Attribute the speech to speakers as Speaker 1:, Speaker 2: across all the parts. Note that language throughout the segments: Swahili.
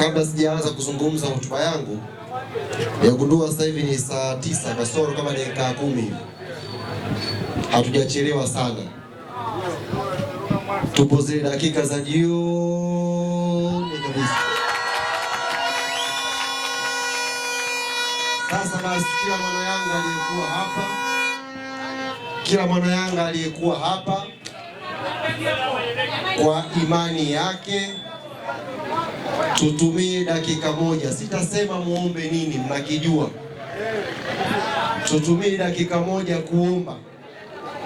Speaker 1: kabla sijaanza kuzungumza hotuba yangu, nimegundua sasa hivi ni saa tisa kasoro kama dakika kumi. Hatujachelewa sana, tupo zile dakika za jioni kabisa. Sasa basi, kila mwana Yanga aliyekuwa hapa, kila mwana Yanga aliyekuwa hapa kwa imani yake tutumie dakika moja, sitasema muombe nini, mnakijua. Tutumie dakika moja kuomba,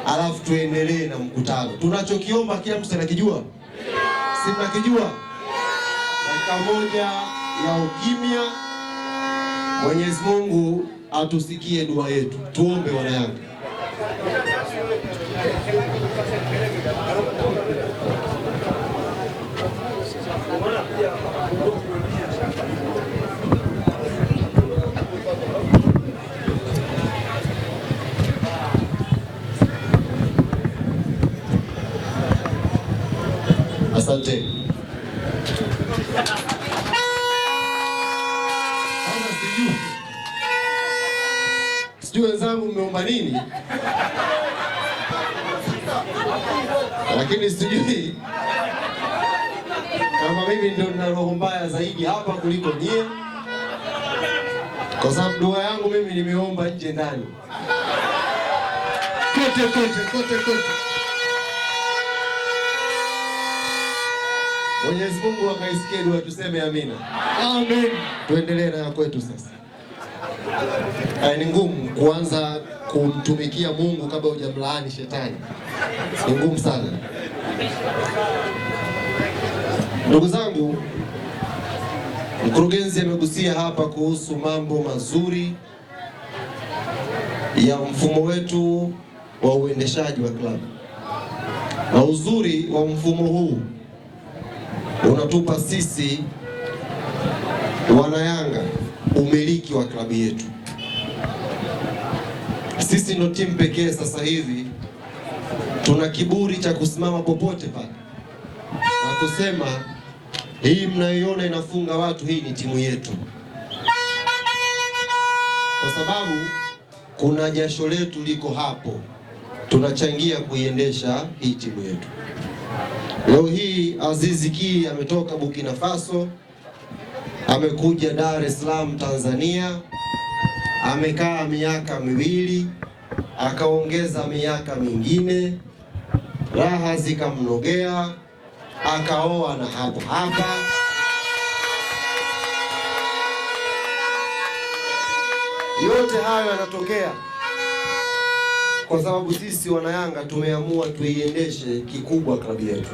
Speaker 1: alafu tuendelee na mkutano. Tunachokiomba kila mtu anakijua, si mnakijua? Dakika moja ya ukimya. Mwenyezi Mungu atusikie dua yetu. Tuombe wana Yanga. Asante. Sijui wenzangu mmeomba nini, lakini sijui kama mimi ndio nina roho mbaya zaidi hapa kuliko nyie, kwa sababu dua yangu mimi nimeomba nje ndani, kote kote kote kote. Mwenyezi Mungu akaisikie dua, tuseme amina, amen. Tuendelee na kwetu sasa. Ay, ni ngumu kuanza kumtumikia Mungu kabla hujamlaani shetani, ni ngumu sana. Ndugu zangu, mkurugenzi amegusia hapa kuhusu mambo mazuri ya mfumo wetu wa uendeshaji wa klabu, na uzuri wa mfumo huu unatupa sisi wanayanga umiliki wa klabu yetu. Sisi ndio timu pekee sasa hivi tuna kiburi cha kusimama popote pale na kusema hii mnayoiona inafunga watu, hii ni timu yetu, kwa sababu kuna jasho letu liko hapo, tunachangia kuiendesha hii timu yetu. Leo hii Azizi Ki ametoka Burkina Faso, amekuja Dar es Salaam Tanzania, amekaa miaka miwili, akaongeza miaka mingine, raha zikamnogea akaoa na hapo hapa yote hayo yanatokea kwa sababu sisi wanayanga tumeamua tuiendeshe kikubwa klabu yetu.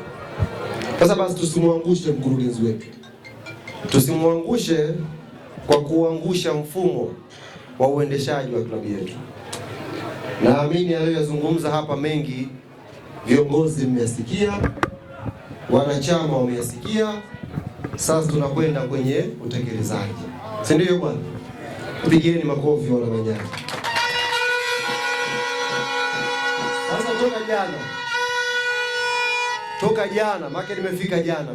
Speaker 1: Sasa basi, tusimwangushe mkurugenzi wetu, tusimwangushe kwa kuangusha mfumo wa uendeshaji wa klabu yetu. Naamini aliyoyazungumza hapa mengi viongozi mmeyasikia wanachama wameyasikia. Sasa tunakwenda kwenye utekelezaji, si ndio bwana? Pigieni makofi wana Manyara. Sasa toka jana, toka jana make nimefika jana,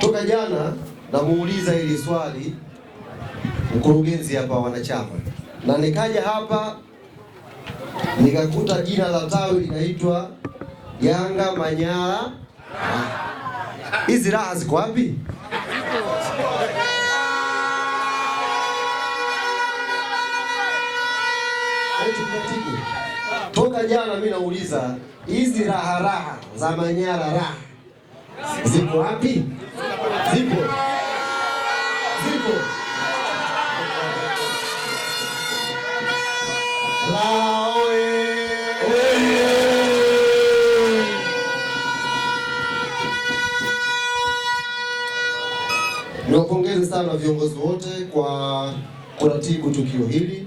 Speaker 1: toka jana namuuliza hili swali mkurugenzi hapa wanachama, na nikaja hapa nikakuta jina la tawi linaitwa Yanga Manyara Hizi raha ziko wapi? Toka jana mimi nauliza hizi raha raha za Manyara raha ziko wapi? Zipo. Zipo. Raha Niwapongeze sana viongozi wote kwa kuratibu tukio hili,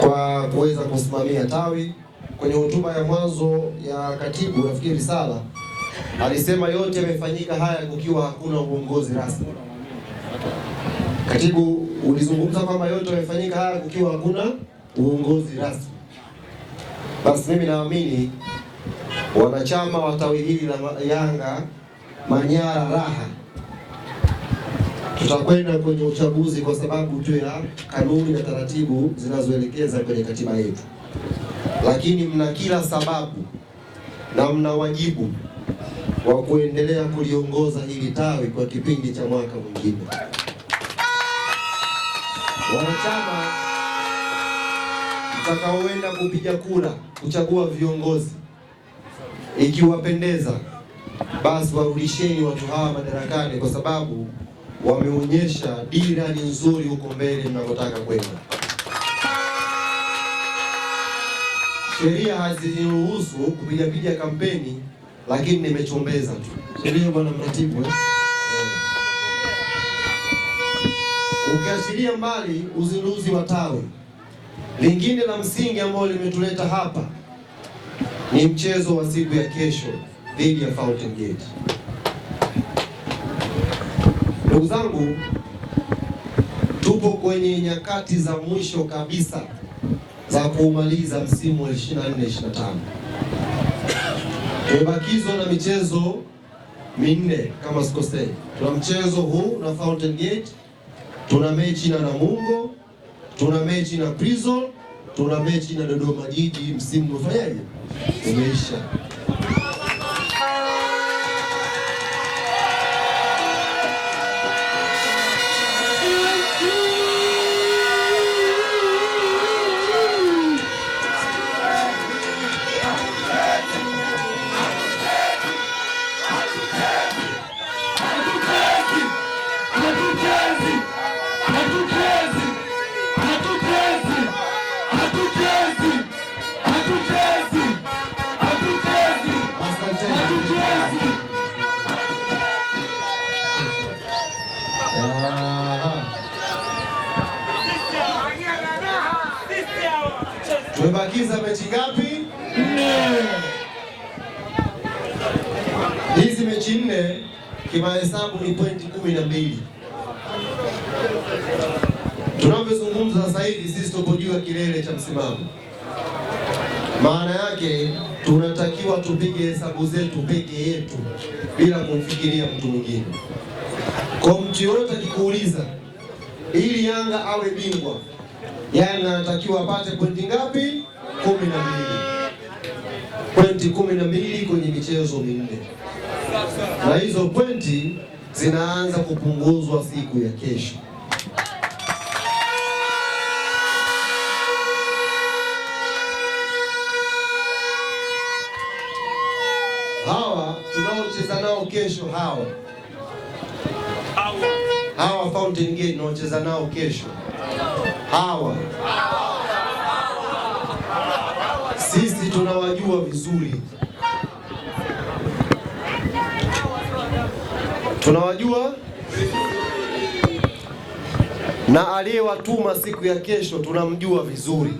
Speaker 1: kwa kuweza kusimamia tawi. Kwenye hotuba ya mwanzo ya katibu, nafikiri Sala alisema yote yamefanyika haya kukiwa hakuna uongozi rasmi. Katibu, ulizungumza kwamba yote yamefanyika haya kukiwa hakuna uongozi rasmi. Basi mimi naamini wanachama wa tawi hili la Yanga Manyara Raha Tutakwenda kwenye uchaguzi kwa sababu tu ya kanuni na taratibu zinazoelekeza kwenye katiba yetu, lakini mna kila sababu na mna wajibu wa kuendelea kuliongoza hili tawi kwa kipindi cha mwaka mwingine. Wanachama mtakaoenda kupiga kura kuchagua viongozi, ikiwapendeza basi warudisheni watu hawa madarakani kwa sababu wameonyesha dira ni nzuri huko mbele mnavyotaka kwenda. Sheria haziruhusu kupigapiga kampeni, lakini nimechombeza tu sheria, bwana mratibu eh? Ukiashiria mbali uzinduzi wa tawi, lingine la msingi ambalo limetuleta hapa ni mchezo wa siku ya kesho dhidi ya Fountain Gate. Ndugu zangu, tupo kwenye nyakati za mwisho kabisa za kuumaliza msimu wa 24 25. Tumebakizwa na michezo minne kama sikosei. Tuna mchezo huu na Fountain Gate, tuna mechi na Namungo, tuna mechi na Prison, tuna mechi na Dodoma Jiji. Msimu umefanyaje? Umeisha. tumebakiza mechi ngapi? Nne. Hizi mechi nne kimahesabu ni pointi kumi na mbili. Tunavyozungumza sasa hivi sisi tupo juu ya kilele cha msimamo, maana yake tunatakiwa tupige hesabu zetu peke yetu bila kumfikiria mtu mwingine. Kwa mtu yoyote akikuuliza ili Yanga awe bingwa yani anatakiwa apate pointi ngapi? kumi na mbili. Pointi kumi na mbili kwenye michezo minne, na hizo pointi zinaanza kupunguzwa siku ya kesho. Hawa tunaocheza nao kesho, hawa hawa Fountain Gate tunaocheza nao kesho hawa sisi tunawajua vizuri, tunawajua na aliyewatuma siku ya kesho tunamjua vizuri.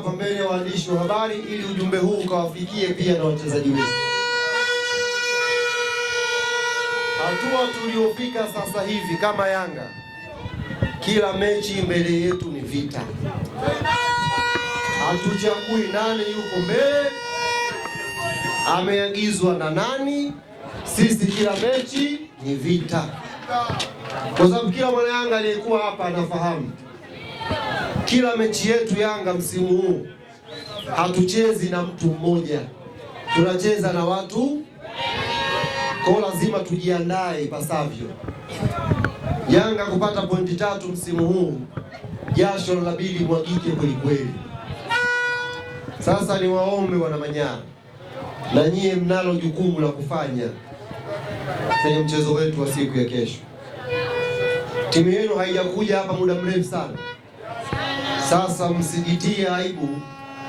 Speaker 1: hapa mbele ya waandishi wa habari ili ujumbe huu ukawafikie pia na wachezaji wetu. Hatua tuliofika sasa hivi kama Yanga, kila mechi mbele yetu ni vita. Hatuchagui nani yuko mbele, ameagizwa na nani. Sisi kila mechi ni vita, kwa sababu kila mwana Yanga aliyekuwa hapa anafahamu kila mechi yetu Yanga msimu huu hatuchezi na mtu mmoja, tunacheza na watu kwa, lazima tujiandae ipasavyo. Yanga kupata pointi tatu msimu huu, jasho labidi mwagike kweli kweli. Sasa ni waombe wana Manyara, na nyie mnalo jukumu la kufanya kwenye mchezo wetu wa siku ya kesho. Timu yenu haijakuja hapa muda mrefu sana. Sasa msijitie aibu.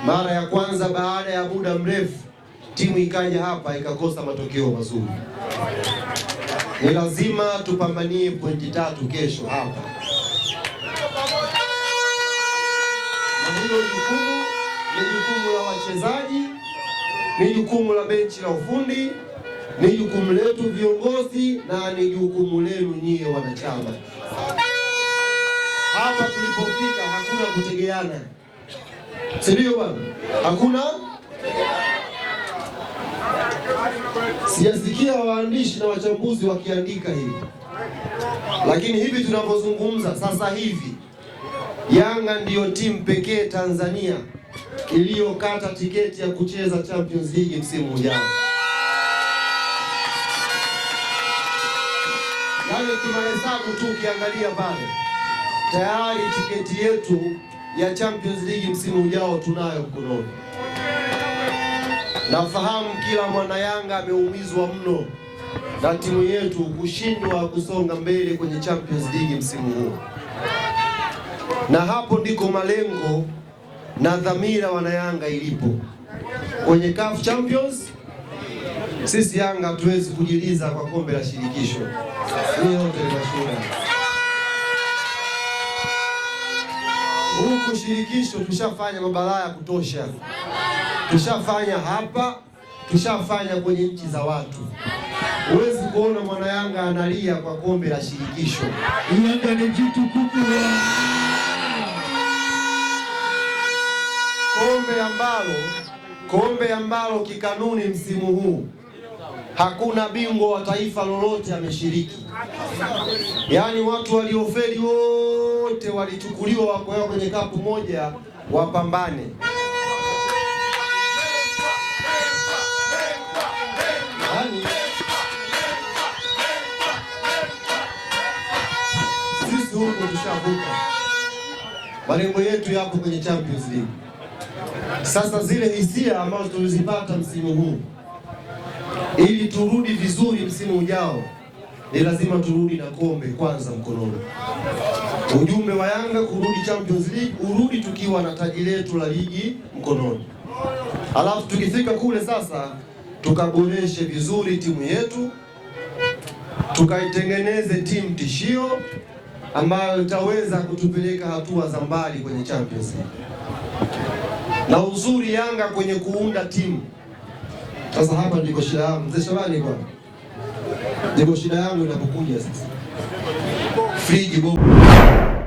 Speaker 1: Mara ya kwanza baada ya muda mrefu timu ikaja hapa ikakosa matokeo mazuri. Ni lazima tupambanie pointi tatu kesho hapa, na hilo jukumu ni jukumu la wachezaji, ni jukumu la benchi la ufundi, ni jukumu letu viongozi, na ni jukumu lenu nyie wanachama hapa tulipofika hakuna kutegeana, si ndio bwana? Hakuna sijasikia waandishi na wachambuzi wakiandika hivi, lakini hivi tunavyozungumza sasa hivi Yanga ndiyo timu pekee Tanzania iliyokata tiketi ya kucheza Champions League msimu ujao. Yaani, tunahesabu tu ukiangalia pale tayari tiketi yetu ya Champions League msimu ujao tunayo mkononi. Nafahamu kila mwana Yanga ameumizwa mno na timu yetu kushindwa kusonga mbele kwenye Champions League msimu huu, na hapo ndiko malengo na dhamira wana Yanga ilipo kwenye CAF Champions. Sisi Yanga hatuwezi kujiliza kwa kombe la shirikisho, hiyo yote Huku shirikisho tushafanya mabalaa ya kutosha, tushafanya hapa, tushafanya kwenye nchi za watu. Huwezi kuona mwana Yanga analia kwa kombe la shirikisho. Yanga ni kitu kubwa, kombe ambalo kombe ambalo kikanuni msimu huu hakuna bingwa wa taifa lolote ameshiriki, yaani watu waliofeli wote wote walichukuliwa wakowea kwenye kapu moja, wapambane. Yaani, sisi huko tushavuka, malengo yetu yapo kwenye Champions League. Sasa zile hisia ambazo tulizipata msimu huu, ili turudi vizuri msimu ujao ni lazima turudi na kombe kwanza mkononi. Ujumbe wa Yanga kurudi Champions League, urudi tukiwa na taji letu la ligi mkononi, alafu tukifika kule sasa tukaboreshe vizuri timu yetu, tukaitengeneze timu tishio ambayo itaweza kutupeleka hatua za mbali kwenye Champions League. Na uzuri Yanga kwenye kuunda timu sasa, hapa ndiko shida. Mzee Shabani bwana Ndipo shida yangu inapokuja sasa, friji bomba